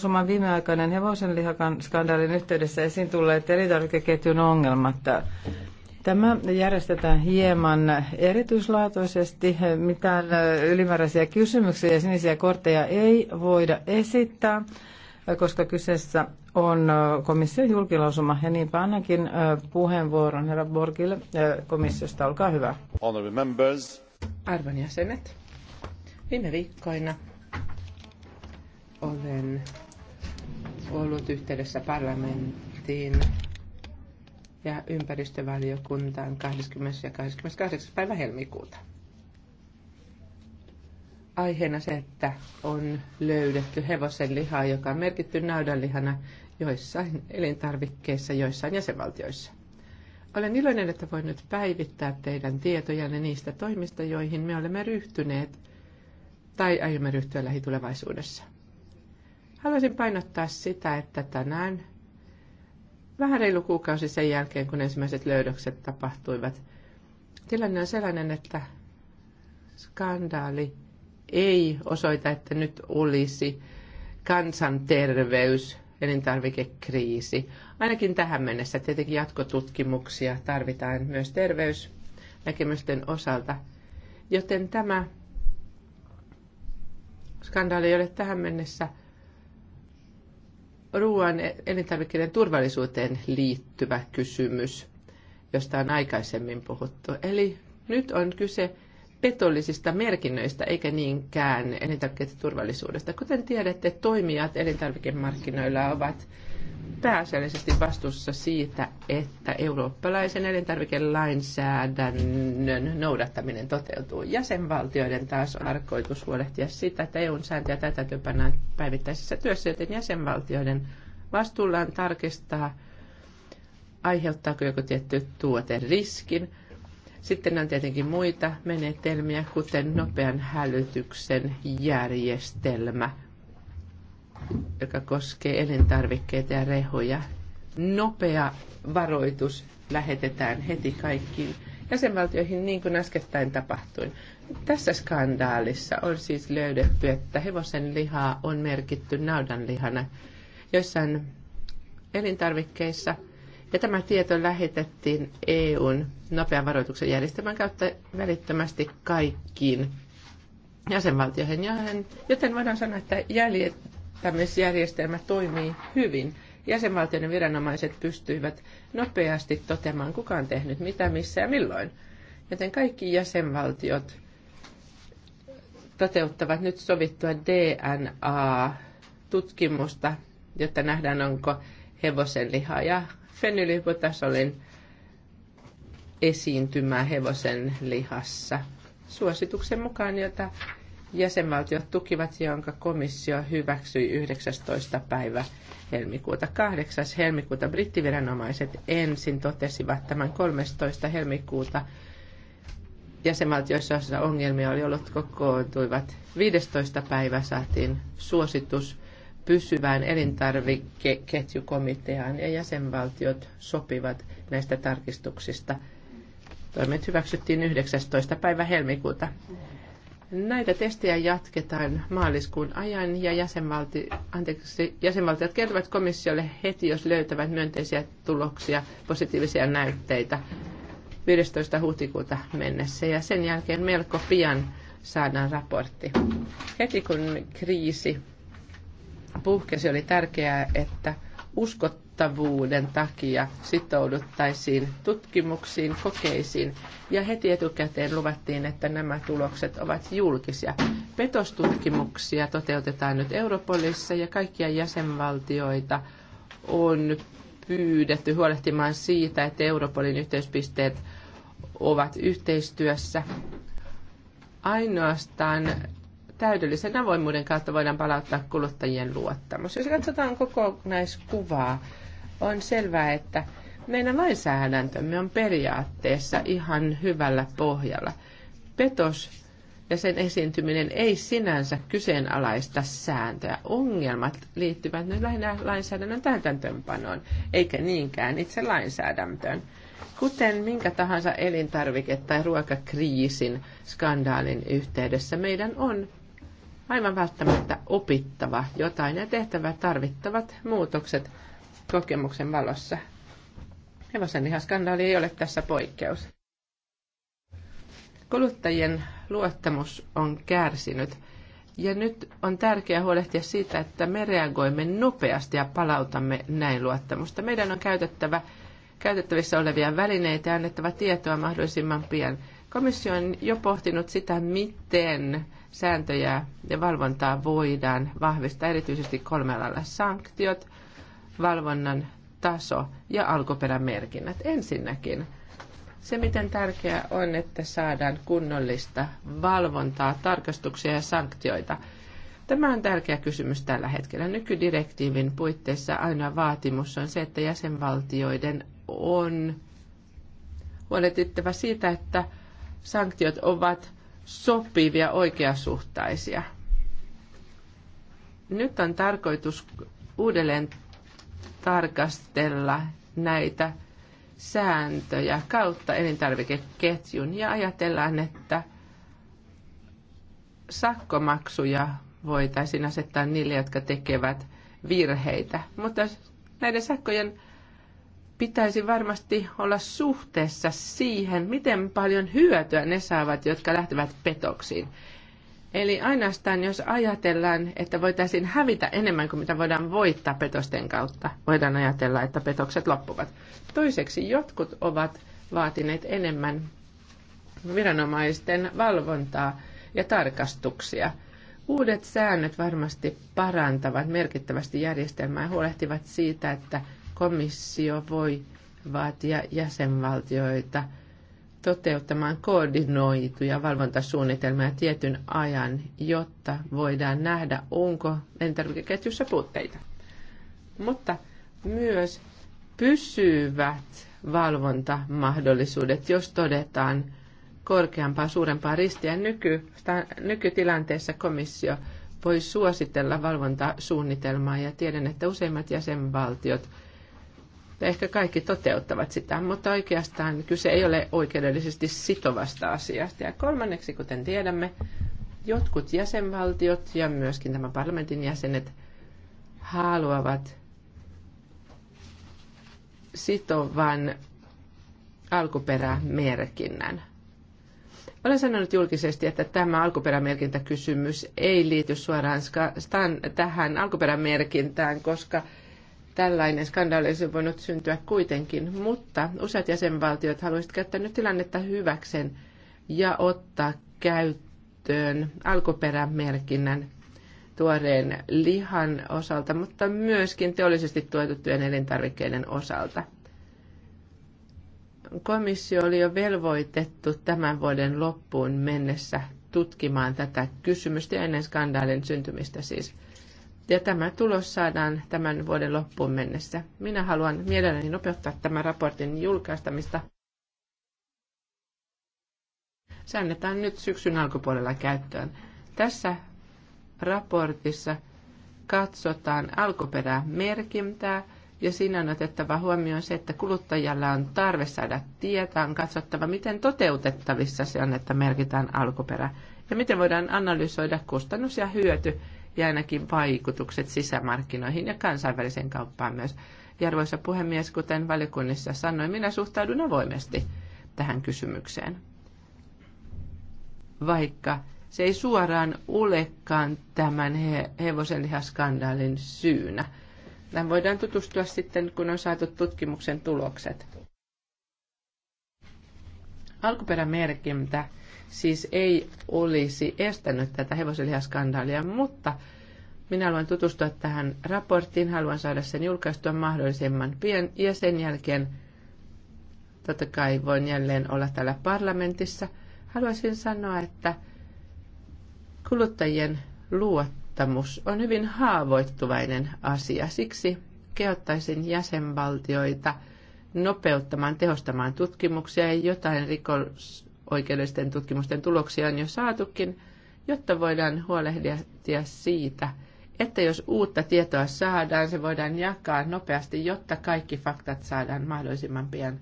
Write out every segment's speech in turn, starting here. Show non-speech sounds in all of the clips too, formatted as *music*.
Suomen viimeaikainen hevosenlihakan skandaalin yhteydessä esiin tulleet elintarvikeketjun ongelmat. Tämä järjestetään hieman erityislaatuisesti. Mitään ylimääräisiä kysymyksiä ja sinisiä kortteja ei voida esittää, koska kyseessä on komission julkilausuma. Ja niinpä annankin puheenvuoron herra Borgille komissiosta. Olkaa hyvä. Arvon jäsenet, viime viikkoina olen ollut yhteydessä parlamenttiin ja ympäristövaliokuntaan 20. ja 28. päivä helmikuuta. Aiheena se, että on löydetty hevosen lihaa, joka on merkitty naudanlihana joissain elintarvikkeissa, joissain jäsenvaltioissa. Olen iloinen, että voin nyt päivittää teidän tietojanne niistä toimista, joihin me olemme ryhtyneet tai aiomme ryhtyä lähitulevaisuudessa. Haluaisin painottaa sitä, että tänään vähän reilu kuukausi sen jälkeen, kun ensimmäiset löydökset tapahtuivat, tilanne on sellainen, että skandaali ei osoita, että nyt olisi kansanterveys, elintarvikekriisi. Ainakin tähän mennessä tietenkin jatkotutkimuksia tarvitaan myös terveysnäkemysten osalta. Joten tämä skandaali ei ole tähän mennessä – ruoan e- elintarvikkeiden turvallisuuteen liittyvä kysymys, josta on aikaisemmin puhuttu. Eli nyt on kyse petollisista merkinnöistä eikä niinkään turvallisuudesta, Kuten tiedätte, toimijat elintarvikemarkkinoilla ovat pääasiallisesti vastuussa siitä, että eurooppalaisen elintarvikelainsäädännön noudattaminen toteutuu. Jäsenvaltioiden taas on tarkoitus huolehtia sitä, että EUn sääntöjä täytäntöönpannaan päivittäisessä työssä, joten jäsenvaltioiden vastuulla on tarkistaa, aiheuttaako joku tietty tuote riskin – sitten on tietenkin muita menetelmiä, kuten nopean hälytyksen järjestelmä, joka koskee elintarvikkeita ja rehoja. Nopea varoitus lähetetään heti kaikkiin jäsenvaltioihin niin kuin äskettäin tapahtui. Tässä skandaalissa on siis löydetty, että hevosen lihaa on merkitty naudanlihana joissain elintarvikkeissa – ja tämä tieto lähetettiin EUn nopean varoituksen järjestelmän kautta välittömästi kaikkiin jäsenvaltioihin, joten voidaan sanoa, että jäljittämisjärjestelmä toimii hyvin. Jäsenvaltioiden viranomaiset pystyivät nopeasti toteamaan, kuka on tehnyt mitä, missä ja milloin. Joten kaikki jäsenvaltiot toteuttavat nyt sovittua DNA-tutkimusta, jotta nähdään, onko hevosen lihaa ja olen esiintymää hevosen lihassa suosituksen mukaan, jota jäsenvaltiot tukivat, jonka komissio hyväksyi 19. päivä helmikuuta. 8. helmikuuta brittiviranomaiset ensin totesivat tämän 13. helmikuuta jäsenvaltioissa ongelmia oli ollut kokoontuivat. 15. päivä saatiin suositus pysyvään elintarvikeketjukomiteaan ja jäsenvaltiot sopivat näistä tarkistuksista. Toimet hyväksyttiin 19. päivä helmikuuta. Näitä testejä jatketaan maaliskuun ajan ja jäsenvalti, anteeksi, jäsenvaltiot kertovat komissiolle heti, jos löytävät myönteisiä tuloksia, positiivisia näytteitä 15. huhtikuuta mennessä ja sen jälkeen melko pian saadaan raportti. Heti kun kriisi puhkesi, oli tärkeää, että uskottavuuden takia sitouduttaisiin tutkimuksiin, kokeisiin ja heti etukäteen luvattiin, että nämä tulokset ovat julkisia. Petostutkimuksia toteutetaan nyt Europolissa ja kaikkia jäsenvaltioita on pyydetty huolehtimaan siitä, että Europolin yhteispisteet ovat yhteistyössä. Ainoastaan täydellisen avoimuuden kautta voidaan palauttaa kuluttajien luottamus. Jos katsotaan kokonaiskuvaa, on selvää, että meidän lainsäädäntömme on periaatteessa ihan hyvällä pohjalla. Petos ja sen esiintyminen ei sinänsä kyseenalaista sääntöä. Ongelmat liittyvät nyt lähinnä lainsäädännön täytäntöönpanoon, eikä niinkään itse lainsäädäntöön. Kuten minkä tahansa elintarvike- tai ruokakriisin skandaalin yhteydessä, meidän on aivan välttämättä opittava jotain ja tehtävä tarvittavat muutokset kokemuksen valossa. lihaskandaali ei ole tässä poikkeus. Kuluttajien luottamus on kärsinyt ja nyt on tärkeää huolehtia siitä, että me reagoimme nopeasti ja palautamme näin luottamusta. Meidän on käytettävä käytettävissä olevia välineitä ja annettava tietoa mahdollisimman pian. Komissio on jo pohtinut sitä, miten sääntöjä ja valvontaa voidaan vahvistaa erityisesti kolmella sanktiot, valvonnan taso ja alkuperämerkinnät. Ensinnäkin se, miten tärkeää on, että saadaan kunnollista valvontaa, tarkastuksia ja sanktioita. Tämä on tärkeä kysymys tällä hetkellä. Nykydirektiivin puitteissa aina vaatimus on se, että jäsenvaltioiden on huolehdittava siitä, että sanktiot ovat sopivia, oikeasuhtaisia. Nyt on tarkoitus uudelleen tarkastella näitä sääntöjä kautta elintarvikeketjun ja ajatellaan, että sakkomaksuja voitaisiin asettaa niille, jotka tekevät virheitä. Mutta näiden sakkojen pitäisi varmasti olla suhteessa siihen, miten paljon hyötyä ne saavat, jotka lähtevät petoksiin. Eli ainoastaan jos ajatellaan, että voitaisiin hävitä enemmän kuin mitä voidaan voittaa petosten kautta, voidaan ajatella, että petokset loppuvat. Toiseksi jotkut ovat vaatineet enemmän viranomaisten valvontaa ja tarkastuksia. Uudet säännöt varmasti parantavat merkittävästi järjestelmää ja huolehtivat siitä, että komissio voi vaatia jäsenvaltioita toteuttamaan koordinoituja valvontasuunnitelmia tietyn ajan, jotta voidaan nähdä, onko elintarvikeketjussa puutteita. Mutta myös pysyvät valvontamahdollisuudet, jos todetaan korkeampaa, suurempaa ristiä. Nyky, nykytilanteessa komissio voi suositella valvontasuunnitelmaa ja tiedän, että useimmat jäsenvaltiot – ja ehkä kaikki toteuttavat sitä, mutta oikeastaan kyse ei ole oikeudellisesti sitovasta asiasta. Ja kolmanneksi, kuten tiedämme, jotkut jäsenvaltiot ja myöskin tämän parlamentin jäsenet haluavat sitovan alkuperämerkinnän. Olen sanonut julkisesti, että tämä alkuperämerkintäkysymys ei liity suoraan tähän alkuperämerkintään, koska tällainen skandaali olisi voinut syntyä kuitenkin, mutta useat jäsenvaltiot haluaisivat käyttää nyt tilannetta hyväkseen ja ottaa käyttöön alkuperämerkinnän tuoreen lihan osalta, mutta myöskin teollisesti tuotettujen elintarvikkeiden osalta. Komissio oli jo velvoitettu tämän vuoden loppuun mennessä tutkimaan tätä kysymystä ennen skandaalin syntymistä siis – ja tämä tulos saadaan tämän vuoden loppuun mennessä. Minä haluan mielelläni nopeuttaa tämän raportin julkaistamista. Se annetaan nyt syksyn alkupuolella käyttöön. Tässä raportissa katsotaan alkuperämerkintää ja siinä on otettava huomioon se, että kuluttajalla on tarve saada tietää, on katsottava, miten toteutettavissa se on, että merkitään alkuperä ja miten voidaan analysoida kustannus ja hyöty ja ainakin vaikutukset sisämarkkinoihin ja kansainväliseen kauppaan myös. Ja arvoisa puhemies, kuten valiokunnissa sanoin, minä suhtaudun avoimesti tähän kysymykseen. Vaikka se ei suoraan olekaan tämän he, hevosenlihaskandaalin syynä. Tähän voidaan tutustua sitten, kun on saatu tutkimuksen tulokset. Alkuperämerkintä siis ei olisi estänyt tätä hevosenlihaskandaalia, mutta minä haluan tutustua tähän raporttiin, haluan saada sen julkaistua mahdollisimman pian ja sen jälkeen totta kai voin jälleen olla täällä parlamentissa. Haluaisin sanoa, että kuluttajien luottamus on hyvin haavoittuvainen asia. Siksi kehottaisin jäsenvaltioita nopeuttamaan, tehostamaan tutkimuksia ja jotain rikos, oikeudellisten tutkimusten tuloksia on jo saatukin, jotta voidaan huolehtia siitä, että jos uutta tietoa saadaan, se voidaan jakaa nopeasti, jotta kaikki faktat saadaan mahdollisimman pian.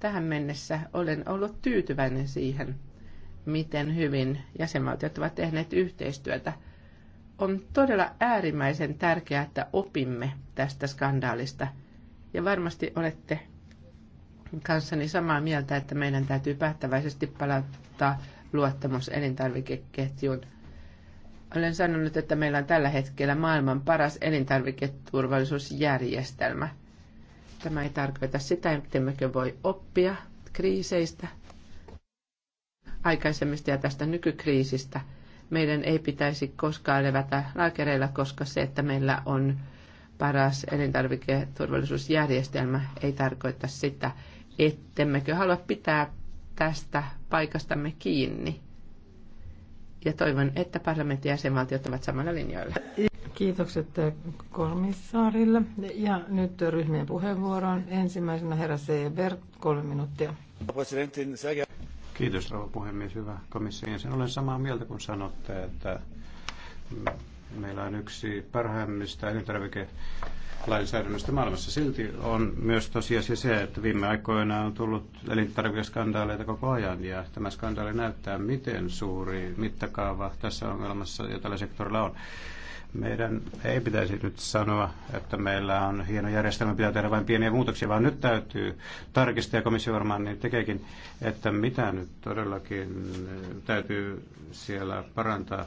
Tähän mennessä olen ollut tyytyväinen siihen, miten hyvin jäsenvaltiot ovat tehneet yhteistyötä. On todella äärimmäisen tärkeää, että opimme tästä skandaalista. Ja varmasti olette kanssani samaa mieltä, että meidän täytyy päättäväisesti palauttaa luottamus elintarvikeketjuun. Olen sanonut, että meillä on tällä hetkellä maailman paras elintarviketurvallisuusjärjestelmä. Tämä ei tarkoita sitä, ettemmekö voi oppia kriiseistä, aikaisemmista ja tästä nykykriisistä. Meidän ei pitäisi koskaan levätä laakereilla, koska se, että meillä on paras elintarviketurvallisuusjärjestelmä, ei tarkoita sitä, ettemmekö halua pitää tästä paikastamme kiinni. Ja toivon, että parlamentin jäsenvaltiot ovat samalla linjoilla. Kiitokset komissaarille. Ja nyt ryhmien puheenvuoroon. Ensimmäisenä herra Seeber, kolme minuuttia. Kiitos rouva puhemies, hyvä komission jäsen. Olen samaa mieltä, kun sanotte, että meillä on yksi parhaimmista elintarvike lainsäädännöstä maailmassa. Silti on myös tosiasia se, että viime aikoina on tullut elintarvikeskandaaleita koko ajan ja tämä skandaali näyttää, miten suuri mittakaava tässä ongelmassa ja tällä sektorilla on. Meidän ei pitäisi nyt sanoa, että meillä on hieno järjestelmä, pitää tehdä vain pieniä muutoksia, vaan nyt täytyy tarkistaa, ja komissio varmaan niin tekeekin, että mitä nyt todellakin täytyy siellä parantaa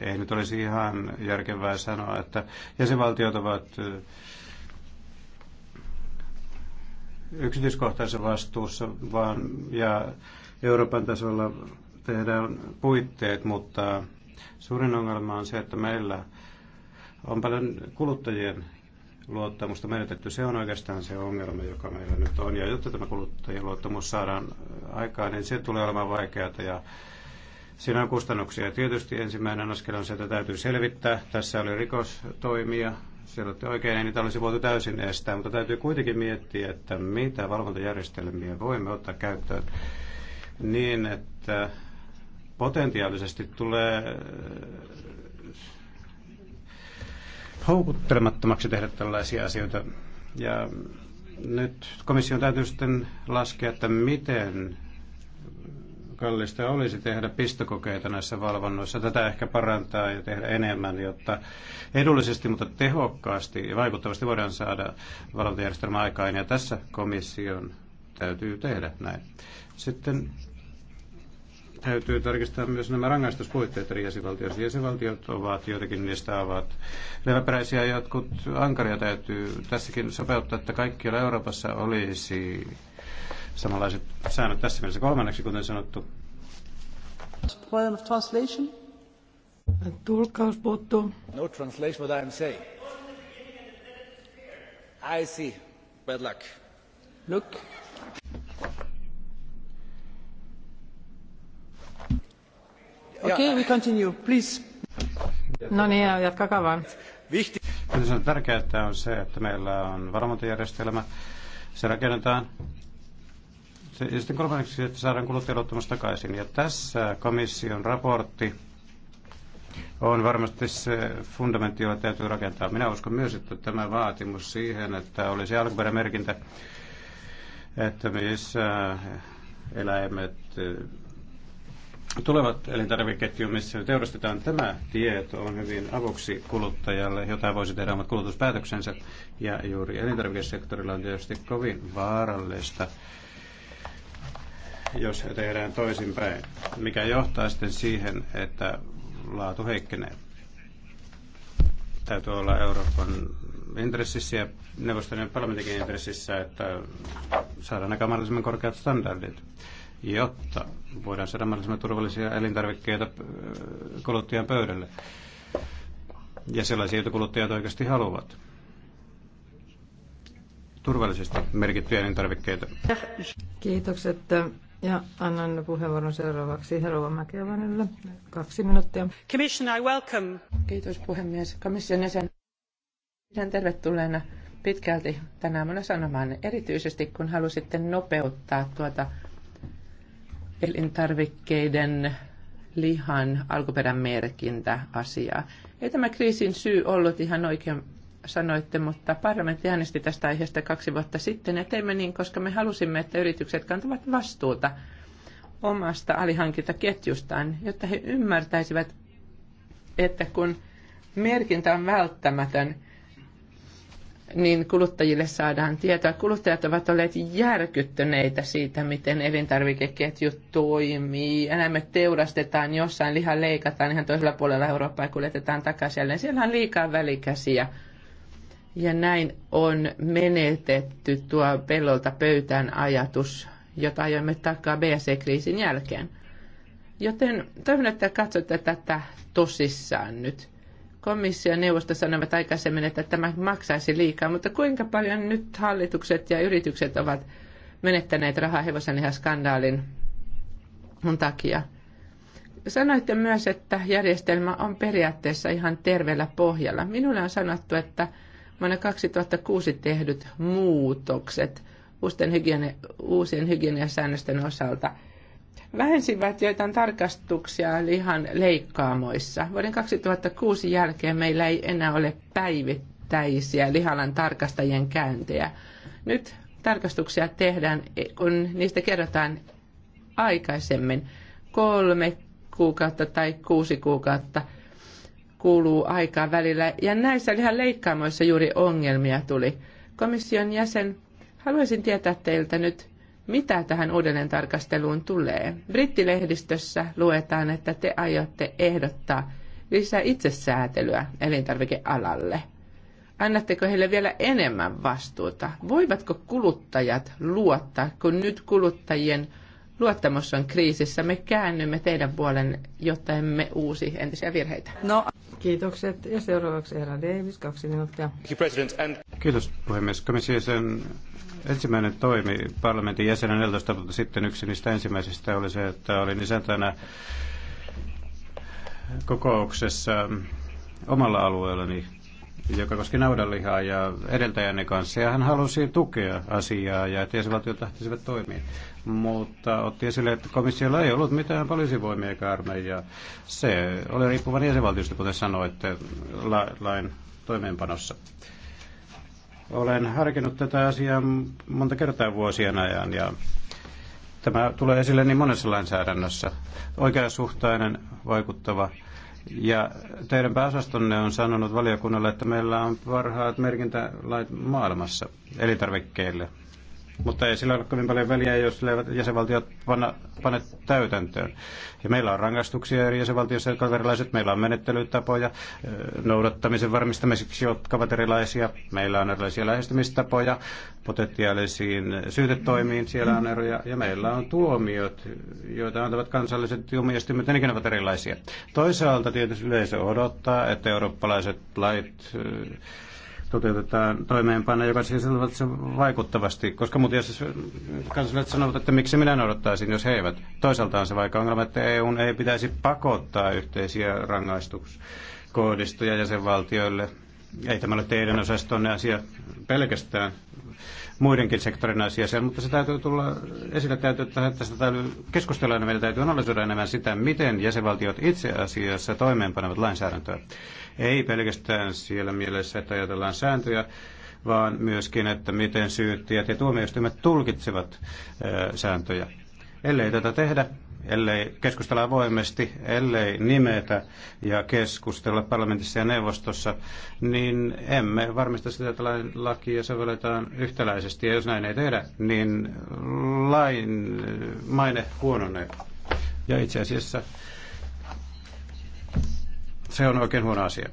ei nyt olisi ihan järkevää sanoa, että jäsenvaltiot ovat yksityiskohtaisessa vastuussa, vaan ja Euroopan tasolla tehdään puitteet, mutta suurin ongelma on se, että meillä on paljon kuluttajien luottamusta menetetty. Se on oikeastaan se ongelma, joka meillä nyt on. Ja jotta tämä kuluttajien luottamus saadaan aikaan, niin se tulee olemaan vaikeaa. Ja Siinä on kustannuksia. Tietysti ensimmäinen askel on se, että täytyy selvittää. Tässä oli rikostoimia. Siellä oli oikein, ei niitä olisi voitu täysin estää, mutta täytyy kuitenkin miettiä, että mitä valvontajärjestelmiä voimme ottaa käyttöön niin, että potentiaalisesti tulee äh, houkuttelemattomaksi tehdä tällaisia asioita. Ja nyt komission täytyy sitten laskea, että miten kallista olisi tehdä pistokokeita näissä valvonnoissa. Tätä ehkä parantaa ja tehdä enemmän, jotta edullisesti, mutta tehokkaasti ja vaikuttavasti voidaan saada valvontajärjestelmä aikaan. Ja tässä komission täytyy tehdä näin. Sitten täytyy tarkistaa myös nämä rangaistuspuitteet eri jäsenvaltioissa. Jäsenvaltiot ovat, joitakin niistä ovat leväperäisiä, jotkut ankaria täytyy tässäkin sopeuttaa, että kaikkialla Euroopassa olisi samanlaiset säännöt tässä mielessä kolmanneksi, kuten sanottu. of translation? No translation what I'm saying. I see. Bad luck. Look. Okay, we continue, please. No niin, jatkakaa vaan. Tärkeää on se, että meillä on varmointijärjestelmä. Se rakennetaan ja sitten kolmanneksi, että saadaan kuluttajaluottamus takaisin. Ja tässä komission raportti on varmasti se fundamentti, jolla täytyy rakentaa. Minä uskon myös, että tämä vaatimus siihen, että olisi alkuperämerkintä, että missä eläimet eh, tulevat elintarvikeketjuun, missä teurastetaan tämä tieto, on hyvin avuksi kuluttajalle, jota voisi tehdä omat kulutuspäätöksensä. Ja juuri elintarvikesektorilla on tietysti kovin vaarallista jos tehdään toisinpäin, mikä johtaa sitten siihen, että laatu heikkenee. Täytyy olla Euroopan intressissä ja neuvoston parlamentin intressissä, että saadaan aika mahdollisimman korkeat standardit, jotta voidaan saada mahdollisimman turvallisia elintarvikkeita kuluttajan pöydälle. Ja sellaisia, joita kuluttajat oikeasti haluavat. Turvallisesti merkittyjä elintarvikkeita. Kiitokset ja annan puheenvuoron seuraavaksi Herova Mäkevanille. Kaksi minuuttia. Commissioner, I welcome. Kiitos puhemies. Komission jäsen. Pidän tervetulleena pitkälti tänään, minä sanomaan, erityisesti kun halusitte nopeuttaa tuota elintarvikkeiden lihan alkuperämerkintä asiaa. Ei tämä kriisin syy ollut ihan oikein sanoitte, mutta parlamentti äänesti tästä aiheesta kaksi vuotta sitten ja teimme niin, koska me halusimme, että yritykset kantavat vastuuta omasta alihankintaketjustaan, jotta he ymmärtäisivät, että kun merkintä on välttämätön, niin kuluttajille saadaan tietoa. Kuluttajat ovat olleet järkyttyneitä siitä, miten elintarvikeketju toimii. Eläimet teurastetaan jossain, liha leikataan ihan toisella puolella Eurooppaa ja kuljetetaan takaisin jälleen. Siellä on liikaa välikäsiä ja näin on menetetty tuo pellolta pöytään ajatus, jota ajoimme takaa BC-kriisin jälkeen. Joten toivon, että katsotte tätä tosissaan nyt. Komissio ja neuvosto sanovat aikaisemmin, että tämä maksaisi liikaa, mutta kuinka paljon nyt hallitukset ja yritykset ovat menettäneet rahaa mun takia? Sanoitte myös, että järjestelmä on periaatteessa ihan terveellä pohjalla. Minulle on sanottu, että Vuonna 2006 tehdyt muutokset uusien, hygienia, uusien hygieniasäännösten osalta vähensivät joitain tarkastuksia lihan leikkaamoissa. Vuoden 2006 jälkeen meillä ei enää ole päivittäisiä lihalan tarkastajien käyntejä. Nyt tarkastuksia tehdään, kun niistä kerrotaan aikaisemmin kolme kuukautta tai kuusi kuukautta – kuluu aikaa välillä. Ja näissä ihan leikkaamoissa juuri ongelmia tuli. Komission jäsen, haluaisin tietää teiltä nyt, mitä tähän uudelleen tarkasteluun tulee. Brittilehdistössä luetaan, että te aiotte ehdottaa lisää itsesäätelyä elintarvikealalle. Annatteko heille vielä enemmän vastuuta? Voivatko kuluttajat luottaa, kun nyt kuluttajien luottamus on kriisissä. Me käännymme teidän puolen, jotta emme uusi entisiä virheitä. No, kiitokset. Ja seuraavaksi herra Davis, kaksi minuuttia. Kiitos puhemies. Komission ensimmäinen toimi parlamentin jäsenen 14 vuotta sitten yksi niistä ensimmäisistä oli se, että olin isäntänä kokouksessa omalla alueellani joka koski naudanlihaa ja edeltäjänne kanssa, ja hän halusi tukea asiaa ja että jäsenvaltiot lähtisivät toimiin. Mutta otti esille, että komissiolla ei ollut mitään poliisivoimia eikä armeijaa. Se oli riippuvainen jäsenvaltiosta, kuten sanoitte, la- lain toimeenpanossa. Olen harkinnut tätä asiaa monta kertaa vuosien ajan ja tämä tulee esille niin monessa lainsäädännössä. Oikeasuhtainen, vaikuttava ja teidän pääosastonne on sanonut valiokunnalle, että meillä on parhaat merkintälait maailmassa elintarvikkeille mutta ei sillä ole kovin paljon väliä, jos jäsenvaltiot panna, pane täytäntöön. Ja meillä on rangaistuksia eri jäsenvaltioissa, jotka ovat erilaiset. Meillä on menettelytapoja noudattamisen varmistamiseksi, jotka ovat erilaisia. Meillä on erilaisia lähestymistapoja potentiaalisiin syytetoimiin, siellä on eroja. Ja meillä on tuomiot, joita antavat kansalliset tuomioistuimet, nekin ovat erilaisia. Toisaalta tietysti yleisö odottaa, että eurooppalaiset lait toteutetaan toimeenpano, joka siis vaikuttavasti, koska muuten jos kansalaiset sanovat, että miksi minä noudattaisin, jos he eivät. Toisaalta on se vaikka ongelma, että EUn ei pitäisi pakottaa yhteisiä rangaistuskoodistoja jäsenvaltioille. Ei tämä ole teidän osastonne asia pelkästään muidenkin sektorin asia siellä, mutta se täytyy tulla esille, täytyy, että tästä täytyy keskustella ja meillä täytyy analysoida enemmän sitä, miten jäsenvaltiot itse asiassa toimeenpanevat lainsäädäntöä. Ei pelkästään siellä mielessä, että ajatellaan sääntöjä, vaan myöskin, että miten syyttäjät ja tuomioistuimet tulkitsevat sääntöjä. Ellei tätä tehdä, ellei keskustella avoimesti, ellei nimetä ja keskustella parlamentissa ja neuvostossa, niin emme varmista sitä, että lakia sovelletaan yhtäläisesti. Ja jos näin ei tehdä, niin lain maine huononee. Ja itse asiassa se on oikein huono asia.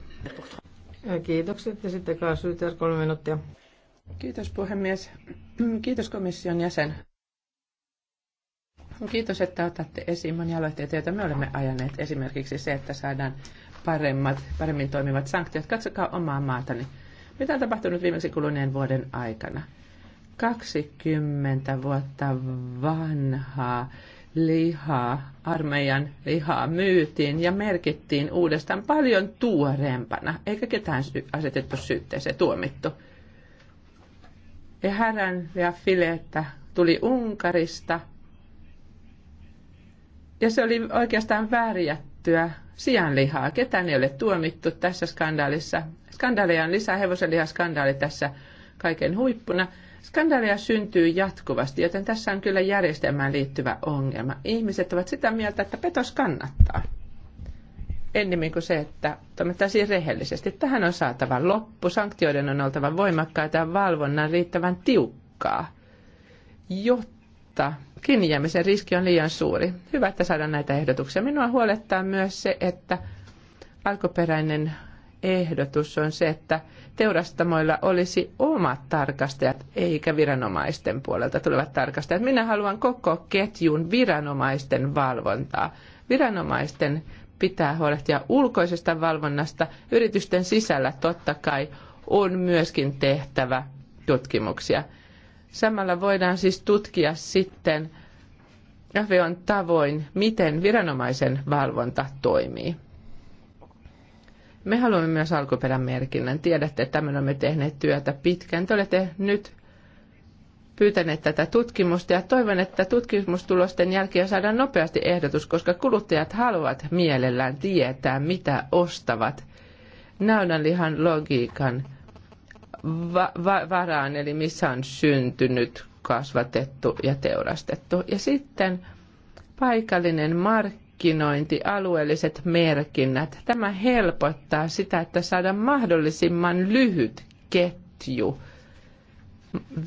Kiitokset ja sitten kaasyytäjäs kolme minuuttia. Kiitos puhemies. Kiitos komission jäsen. Kiitos, että otatte esiin monia aloitteita, joita me olemme ajaneet. Esimerkiksi se, että saadaan paremmat, paremmin toimivat sanktiot. Katsokaa omaa maatani. Mitä on tapahtunut viimeksi kuluneen vuoden aikana? 20 vuotta vanhaa lihaa, armeijan lihaa myytiin ja merkittiin uudestaan paljon tuoreempana, eikä ketään asetettu syytteeseen tuomittu. Ja härän ja fileettä tuli Unkarista. Ja se oli oikeastaan värjättyä sianlihaa. Ketään ei ole tuomittu tässä skandaalissa. Skandaaleja on lisää, hevosenlihaskandaali tässä kaiken huippuna. Skandaaleja syntyy jatkuvasti, joten tässä on kyllä järjestelmään liittyvä ongelma. Ihmiset ovat sitä mieltä, että petos kannattaa. Ennemmin kuin se, että toimittaisiin rehellisesti. Tähän on saatava loppu. Sanktioiden on oltava voimakkaita ja valvonnan riittävän tiukkaa, jotta kiinni riski on liian suuri. Hyvä, että saadaan näitä ehdotuksia. Minua huolettaa myös se, että alkuperäinen ehdotus on se, että teurastamoilla olisi omat tarkastajat eikä viranomaisten puolelta tulevat tarkastajat. Minä haluan koko ketjun viranomaisten valvontaa. Viranomaisten pitää huolehtia ulkoisesta valvonnasta. Yritysten sisällä totta kai on myöskin tehtävä tutkimuksia. Samalla voidaan siis tutkia sitten on tavoin, miten viranomaisen valvonta toimii. Me haluamme myös alkuperämerkinnän. Tiedätte, että me olemme tehneet työtä pitkään. Te olette nyt pyytäneet tätä tutkimusta ja toivon, että tutkimustulosten jälkeen saadaan nopeasti ehdotus, koska kuluttajat haluavat mielellään tietää, mitä ostavat naudanlihan logiikan va- va- varaan, eli missä on syntynyt, kasvatettu ja teurastettu. Ja sitten paikallinen markkina markkinointi, alueelliset merkinnät. Tämä helpottaa sitä, että saadaan mahdollisimman lyhyt ketju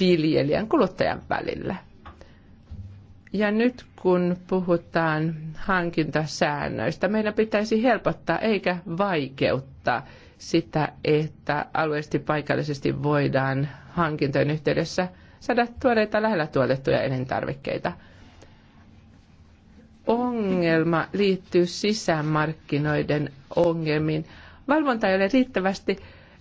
viljelijän kuluttajan välillä. Ja nyt kun puhutaan hankintasäännöistä, meidän pitäisi helpottaa eikä vaikeuttaa sitä, että alueellisesti paikallisesti voidaan hankintojen yhteydessä saada tuoreita lähellä tuotettuja elintarvikkeita – ongelma liittyy sisämarkkinoiden ongelmiin. Valvonta ei ole riittävästi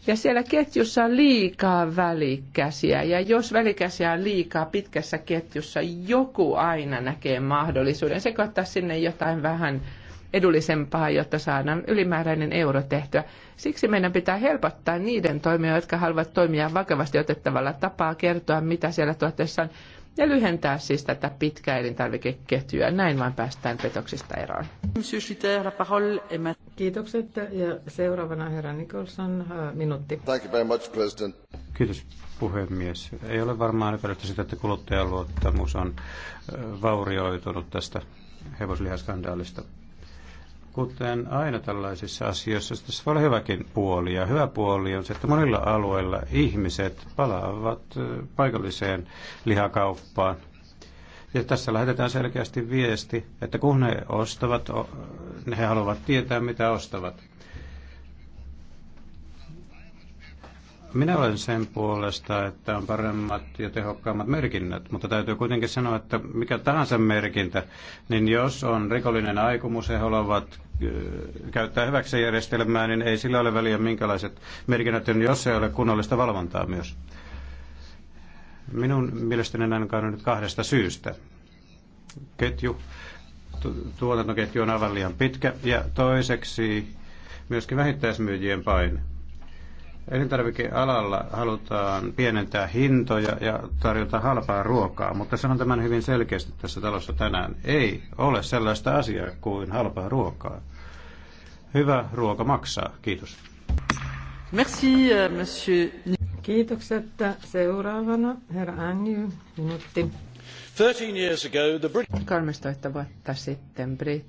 ja siellä ketjussa on liikaa välikäsiä. Ja jos välikäsiä on liikaa pitkässä ketjussa, joku aina näkee mahdollisuuden sekoittaa sinne jotain vähän edullisempaa, jotta saadaan ylimääräinen euro tehtyä. Siksi meidän pitää helpottaa niiden toimia, jotka haluavat toimia vakavasti otettavalla tapaa, kertoa mitä siellä tuotteessa on ja lyhentää siis tätä pitkää elintarvikeketjua. Näin vain päästään petoksista eroon. Kiitokset ja seuraavana herra Nicholson, äh, minuutti. Thank you very much, President. Kiitos puhemies. Ei ole varmaan ympäristö sitä, että kuluttajaluottamus luottamus on äh, vaurioitunut tästä hevoslihaskandaalista kuten aina tällaisissa asioissa, tässä voi olla hyväkin puoli. Ja hyvä puoli on se, että monilla alueilla ihmiset palaavat paikalliseen lihakauppaan. Ja tässä lähetetään selkeästi viesti, että kun he ostavat, he haluavat tietää, mitä ostavat. Minä olen sen puolesta, että on paremmat ja tehokkaammat merkinnät, mutta täytyy kuitenkin sanoa, että mikä tahansa merkintä, niin jos on rikollinen aikomus, he haluavat käyttää hyväksi järjestelmää, niin ei sillä ole väliä minkälaiset merkinnät, jos ei ole kunnollista valvontaa myös. Minun mielestäni näin on nyt kahdesta syystä. Ketju, tuotantoketju on aivan liian pitkä ja toiseksi myöskin vähittäismyyjien paine. Elintarvikealalla halutaan pienentää hintoja ja tarjota halpaa ruokaa, mutta sanon tämän hyvin selkeästi tässä talossa tänään. Ei ole sellaista asiaa kuin halpaa ruokaa. Hyvä ruoka maksaa. Kiitos. Merci, euh, monsieur. Kiitokset. Seuraavana herra Agnew, minuutti. 13 vuotta sitten Brit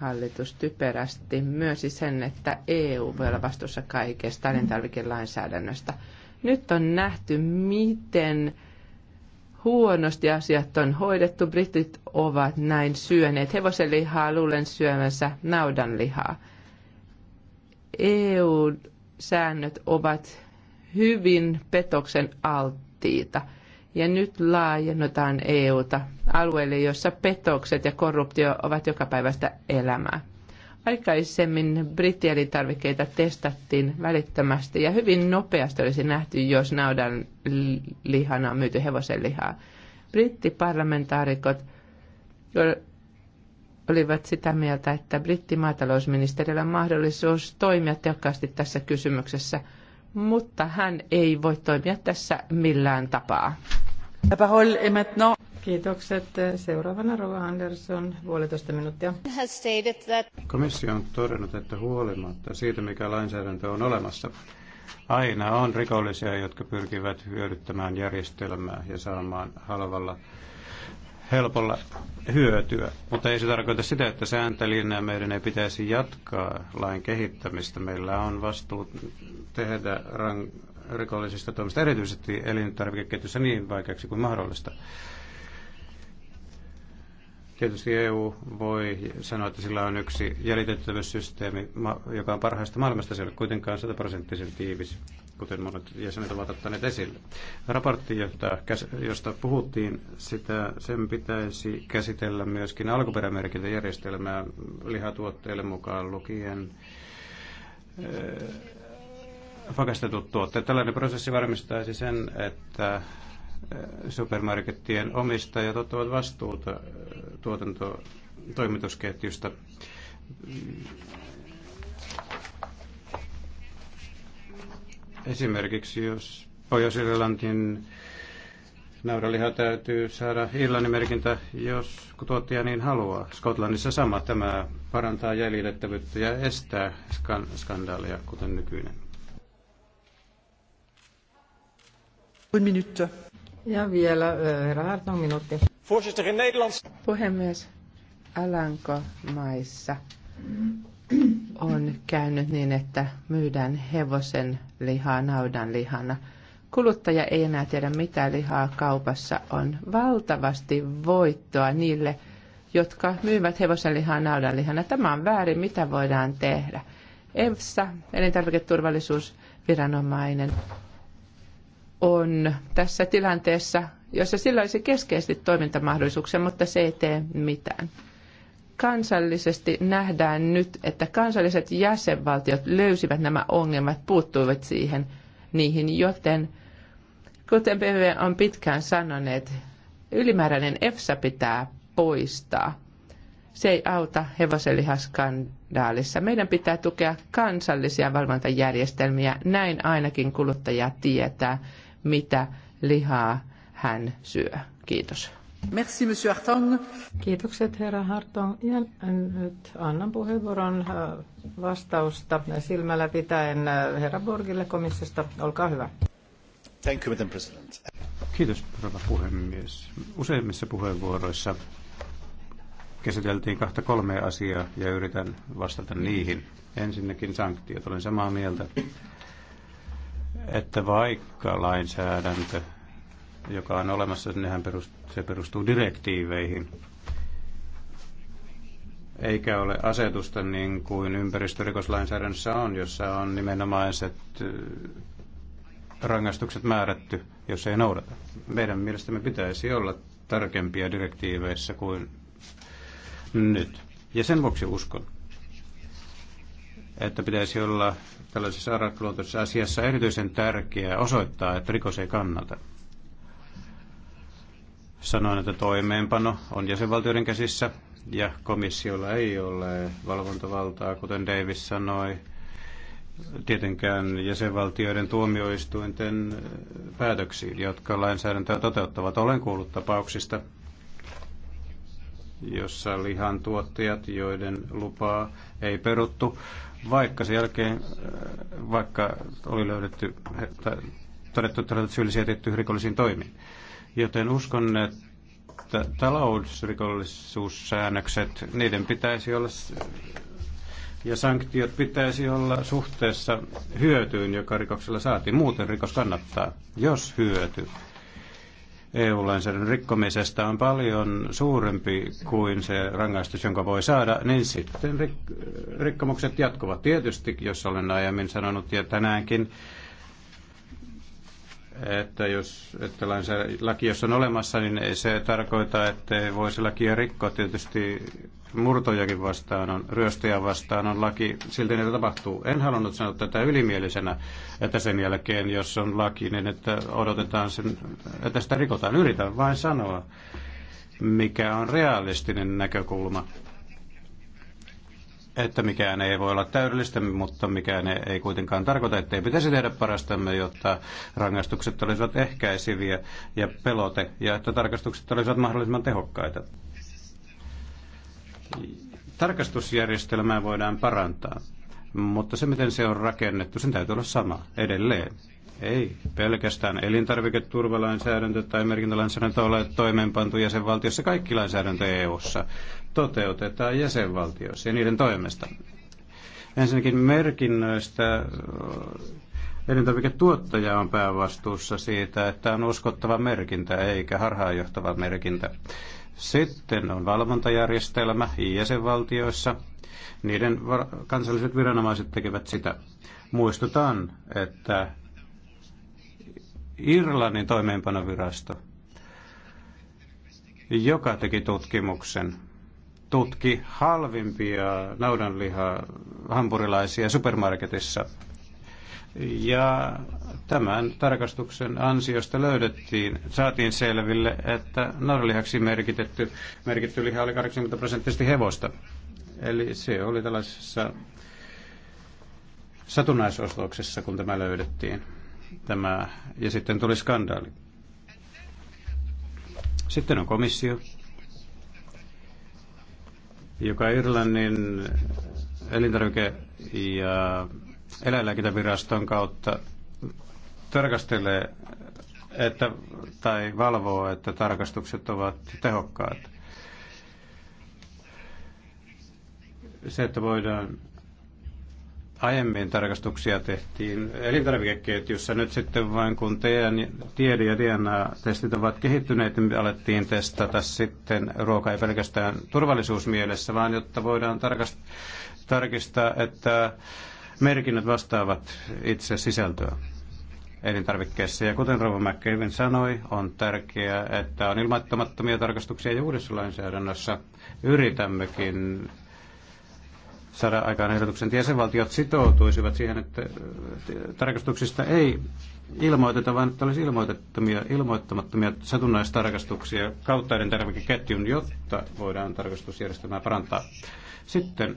Hallitus typerästi myös sen, että EU voi olla vastuussa kaikesta elintarvikelainsäädännöstä. Nyt on nähty, miten huonosti asiat on hoidettu. Britit ovat näin syöneet lihaa, luulen syömänsä naudanlihaa. EU-säännöt ovat hyvin petoksen alttiita – ja nyt laajennetaan EUta alueelle, jossa petokset ja korruptio ovat joka päivästä elämää. Aikaisemmin brittielintarvikkeita testattiin välittömästi ja hyvin nopeasti olisi nähty, jos naudan lihana on myyty hevosen lihaa. Brittiparlamentaarikot olivat sitä mieltä, että brittimaatalousministerillä on mahdollisuus toimia tehokkaasti tässä kysymyksessä – mutta hän ei voi toimia tässä millään tapaa. Kiitokset. Seuraavana Rova Andersson, puolitoista minuuttia. Komissio on todennut, että huolimatta siitä, mikä lainsäädäntö on olemassa, aina on rikollisia, jotka pyrkivät hyödyttämään järjestelmää ja saamaan halvalla helpolla hyötyä, mutta ei se tarkoita sitä, että sääntelijänä meidän ei pitäisi jatkaa lain kehittämistä. Meillä on vastuu tehdä rank- rikollisista toimista, erityisesti elintarvikeketjussa niin vaikeaksi kuin mahdollista. Tietysti EU voi sanoa, että sillä on yksi jäljitettävyyssysteemi, joka on parhaista maailmasta. Se ei ole kuitenkaan sataprosenttisen tiivis kuten monet jäsenet ovat ottaneet esille. Raportti, josta, josta puhuttiin, sitä, sen pitäisi käsitellä myöskin alkuperämerkintäjärjestelmää lihatuotteille mukaan lukien äh, pakastetut tuotteet. Tällainen prosessi varmistaisi sen, että äh, supermarkettien omistajat ottavat vastuuta äh, tuotanto Esimerkiksi jos Pohjois-Irlantin nauraliha täytyy saada Irlannin merkintä, jos tuottaja niin haluaa. Skotlannissa sama. Tämä parantaa jäljitettävyyttä ja estää skan- skandaalia, kuten nykyinen. Ja vielä herra Hartong minuutti. Puhemies, Alankomaissa on käynyt niin, että myydään hevosen lihaa naudan lihana. Kuluttaja ei enää tiedä, mitä lihaa kaupassa on. Valtavasti voittoa niille, jotka myyvät hevosen lihaa naudan lihana. Tämä on väärin, mitä voidaan tehdä. EFSA, elintarviketurvallisuusviranomainen, on tässä tilanteessa, jossa sillä olisi keskeisesti toimintamahdollisuuksia, mutta se ei tee mitään kansallisesti nähdään nyt, että kansalliset jäsenvaltiot löysivät nämä ongelmat, puuttuivat siihen niihin, joten kuten PV on pitkään sanoneet, ylimääräinen EFSA pitää poistaa. Se ei auta hevoselihaskandaalissa. Meidän pitää tukea kansallisia valvontajärjestelmiä. Näin ainakin kuluttaja tietää, mitä lihaa hän syö. Kiitos. Merci, Monsieur Hartong. Kiitokset, herra Hartong. Ja äh, nyt annan puheenvuoron äh, vastausta silmällä pitäen äh, herra Borgille komissiosta. Olkaa hyvä. Thank you, Madam President. Kiitos, rouva puhemies. Useimmissa puheenvuoroissa käsiteltiin kahta kolmea asiaa ja yritän vastata niihin. Ensinnäkin sanktiot. Olen samaa mieltä, että vaikka lainsäädäntö joka on olemassa, nehän perustuu, se perustuu direktiiveihin. Eikä ole asetusta niin kuin ympäristörikoslainsäädännössä on, jossa on nimenomaiset äh, rangaistukset määrätty, jos ei noudata. Meidän mielestämme pitäisi olla tarkempia direktiiveissä kuin nyt. Ja sen vuoksi uskon, että pitäisi olla tällaisessa arkaluontoisessa asiassa erityisen tärkeää osoittaa, että rikos ei kannata. Sanoin, että toimeenpano on jäsenvaltioiden käsissä ja komissiolla ei ole valvontavaltaa, kuten Davis sanoi. Tietenkään jäsenvaltioiden tuomioistuinten eh, päätöksiin, jotka lainsäädäntöä toteuttavat. Olen kuullut tapauksista, jossa lihan tuottajat, joiden lupaa ei peruttu, vaikka sen jälkeen, eh, vaikka oli löydetty, todettu, että syyllisiä tiettyihin rikollisiin toimiin. Joten uskon, että talousrikollisuussäännökset, niiden pitäisi olla ja sanktiot pitäisi olla suhteessa hyötyyn, joka rikoksella saatiin. Muuten rikos kannattaa, jos hyöty EU-lainsäädännön rikkomisesta on paljon suurempi kuin se rangaistus, jonka voi saada, niin sitten rik- rikkomukset jatkuvat. Tietysti, jos olen aiemmin sanonut ja tänäänkin, että jos että laki jos on olemassa, niin ei se tarkoita, että ei voisi lakia rikkoa. Tietysti murtojakin vastaan on, ryöstöjä vastaan on laki, silti niitä tapahtuu. En halunnut sanoa tätä ylimielisenä, että sen jälkeen, jos on laki, niin että odotetaan sen, että sitä rikotaan. Yritän vain sanoa, mikä on realistinen näkökulma että mikään ei voi olla täydellistä, mutta mikään ei kuitenkaan tarkoita, että ei pitäisi tehdä parastamme, jotta rangaistukset olisivat ehkäiseviä ja pelote, ja että tarkastukset olisivat mahdollisimman tehokkaita. Tarkastusjärjestelmää voidaan parantaa, mutta se miten se on rakennettu, sen täytyy olla sama edelleen. Ei pelkästään elintarviketurvalainsäädäntö tai merkintälainsäädäntö ole toimeenpantu jäsenvaltiossa. Kaikki lainsäädäntö EU-ssa toteutetaan jäsenvaltioissa ja niiden toimesta. Ensinnäkin merkinnöistä elintarviketuottaja on päävastuussa siitä, että on uskottava merkintä eikä harhaanjohtava merkintä. Sitten on valvontajärjestelmä jäsenvaltioissa. Niiden kansalliset viranomaiset tekevät sitä. Muistutan, että Irlannin toimeenpanovirasto, joka teki tutkimuksen, tutki halvimpia naudanliha hampurilaisia supermarketissa. Ja tämän tarkastuksen ansiosta löydettiin, saatiin selville, että naudanlihaksi merkitetty, merkitty liha oli 80 prosenttisesti hevosta. Eli se oli tällaisessa satunnaisostoksessa, kun tämä löydettiin. Tämä, ja sitten tuli skandaali. Sitten on komissio, joka Irlannin elintarvike- ja eläinlääkintäviraston kautta tarkastelee että, tai valvoo, että tarkastukset ovat tehokkaat. Se, että voidaan Aiemmin tarkastuksia tehtiin elintarvikeketjussa. Nyt sitten vain kun tiede ja DNA-testit ovat kehittyneet, niin alettiin testata sitten ruoka ei pelkästään turvallisuusmielessä, vaan jotta voidaan tarkast- tarkistaa, että merkinnät vastaavat itse sisältöä elintarvikkeissa. Ja kuten Rova McKevin sanoi, on tärkeää, että on ilmoittamattomia tarkastuksia ja uudessa lainsäädännössä yritämmekin saada aikaan ehdotuksen, että jäsenvaltiot sitoutuisivat siihen, että äh, tarkastuksista ei ilmoiteta, vaan että olisi ilmoitettomia, ilmoittamattomia satunnaistarkastuksia kautta elintarvikeketjun, jotta voidaan tarkastusjärjestelmää parantaa. Sitten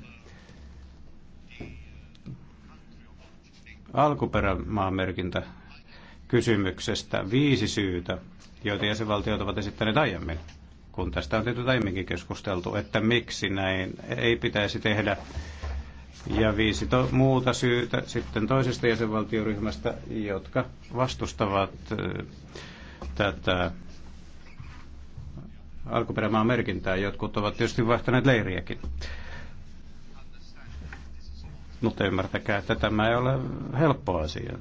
alkuperämaamerkintä kysymyksestä viisi syytä, joita jäsenvaltiot ovat esittäneet aiemmin kun tästä on tietysti aiemminkin keskusteltu, että miksi näin ei pitäisi tehdä. Ja viisi to- muuta syytä sitten toisesta jäsenvaltioryhmästä, jotka vastustavat tätä alkuperämaa merkintää. Jotkut ovat tietysti vaihtaneet leiriäkin. Mutta ymmärtäkää, että tämä ei ole helppo asia.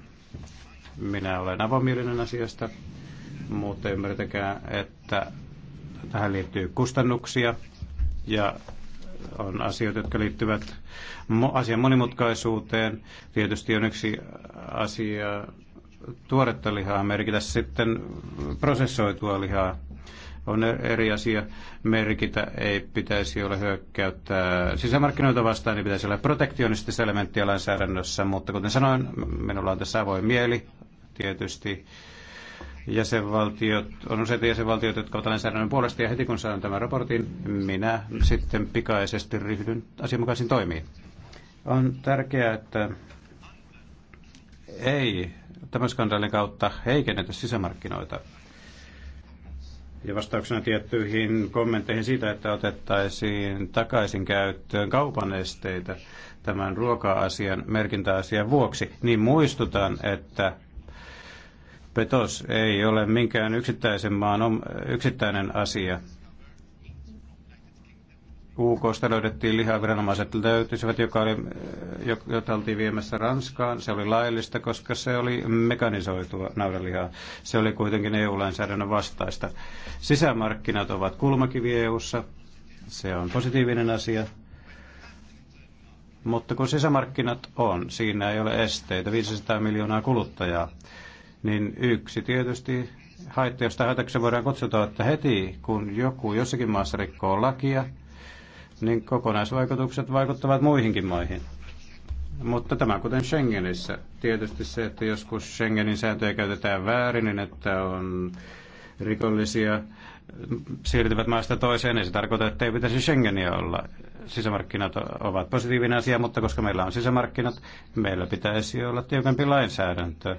Minä olen avomielinen asiasta, mutta ymmärtäkää, että Tähän liittyy kustannuksia ja on asioita, jotka liittyvät asian monimutkaisuuteen. Tietysti on yksi asia tuoretta lihaa merkitä sitten prosessoitua lihaa. On eri asia merkitä, ei pitäisi olla hyökkäyttää sisämarkkinoita vastaan, niin pitäisi olla protektionistista elementtiä lainsäädännössä, mutta kuten sanoin, minulla on tässä avoin mieli tietysti jäsenvaltiot, on useita jäsenvaltioita, jotka ovat lainsäädännön puolesta, ja heti kun saan tämän raportin, minä sitten pikaisesti ryhdyn asianmukaisiin toimiin. On tärkeää, että ei tämän skandaalin kautta heikennetä sisämarkkinoita. Ja vastauksena tiettyihin kommentteihin siitä, että otettaisiin takaisin käyttöön kaupan esteitä tämän ruoka-asian merkintäasian vuoksi, niin muistutan, että Petos ei ole minkään yksittäisen maan om yksittäinen asia. UKsta löydettiin lihaa, viranomaiset löytyisivät, joka oli, jota oltiin viemässä Ranskaan. Se oli laillista, koska se oli mekanisoitua naudanlihaa. Se oli kuitenkin EU-lainsäädännön vastaista. Sisämarkkinat ovat kulmakivi EUssa. Se on positiivinen asia. Mutta kun sisämarkkinat on, siinä ei ole esteitä. 500 miljoonaa kuluttajaa niin yksi tietysti haitta, josta haitaksi voidaan kutsuta, että heti kun joku jossakin maassa rikkoo lakia, niin kokonaisvaikutukset vaikuttavat muihinkin maihin. Mutta tämä kuten Schengenissä. Tietysti se, että joskus Schengenin sääntöjä käytetään väärin, niin että on rikollisia siirtyvät maasta toiseen, niin se tarkoittaa, että ei pitäisi Schengenia olla. Sisämarkkinat ovat positiivinen asia, mutta koska meillä on sisämarkkinat, meillä pitäisi olla tiukempi lainsäädäntö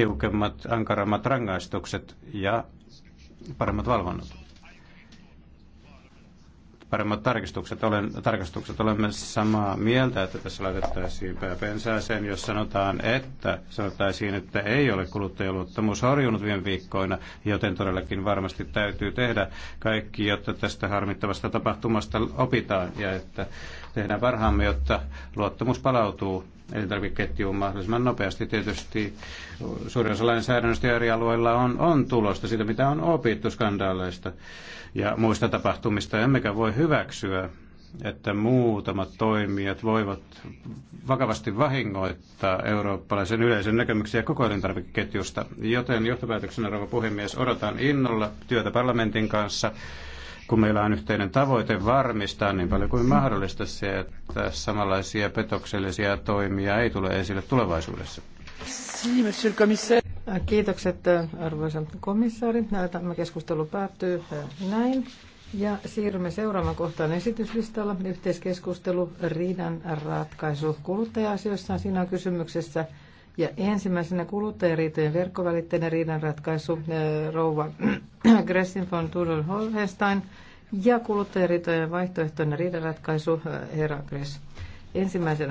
tiukemmat, ankarammat rangaistukset ja paremmat valvonnat. Paremmat tarkistukset. Olen, tarkistukset. olemme samaa mieltä, että tässä laitettaisiin pääpensääseen, jos sanotaan, että sanotaisiin, että ei ole kuluttajaluottamus horjunut viime viikkoina, joten todellakin varmasti täytyy tehdä kaikki, jotta tästä harmittavasta tapahtumasta opitaan ja että tehdään parhaamme, jotta luottamus palautuu elintarvikeketjuun mahdollisimman nopeasti. Tietysti suurin osa lainsäädännöstä eri alueilla on, on tulosta siitä, mitä on opittu skandaaleista ja muista tapahtumista. Emmekä voi hyväksyä että muutamat toimijat voivat vakavasti vahingoittaa eurooppalaisen yleisen näkemyksiä koko elintarvikeketjusta. Joten johtopäätöksenä, rouva puhemies, odotan innolla työtä parlamentin kanssa kun meillä on yhteinen tavoite varmistaa niin paljon kuin mahdollista se, että samanlaisia petoksellisia toimia ei tule esille tulevaisuudessa. Kiitokset arvoisa komissaari. Tämä keskustelu päättyy eh, näin. Ja siirrymme seuraavan kohtaan esityslistalla. Yhteiskeskustelu, riidan ratkaisu kuluttaja-asioissa. Siinä on kysymyksessä ja ensimmäisenä kuluttajariitojen verkkovälitteinen riidanratkaisu äh, rouva *clears throat* Gressin von Tudor Holstein ja kuluttajariitojen vaihtoehtoinen riidanratkaisu äh, herra Gress. Ensimmäisenä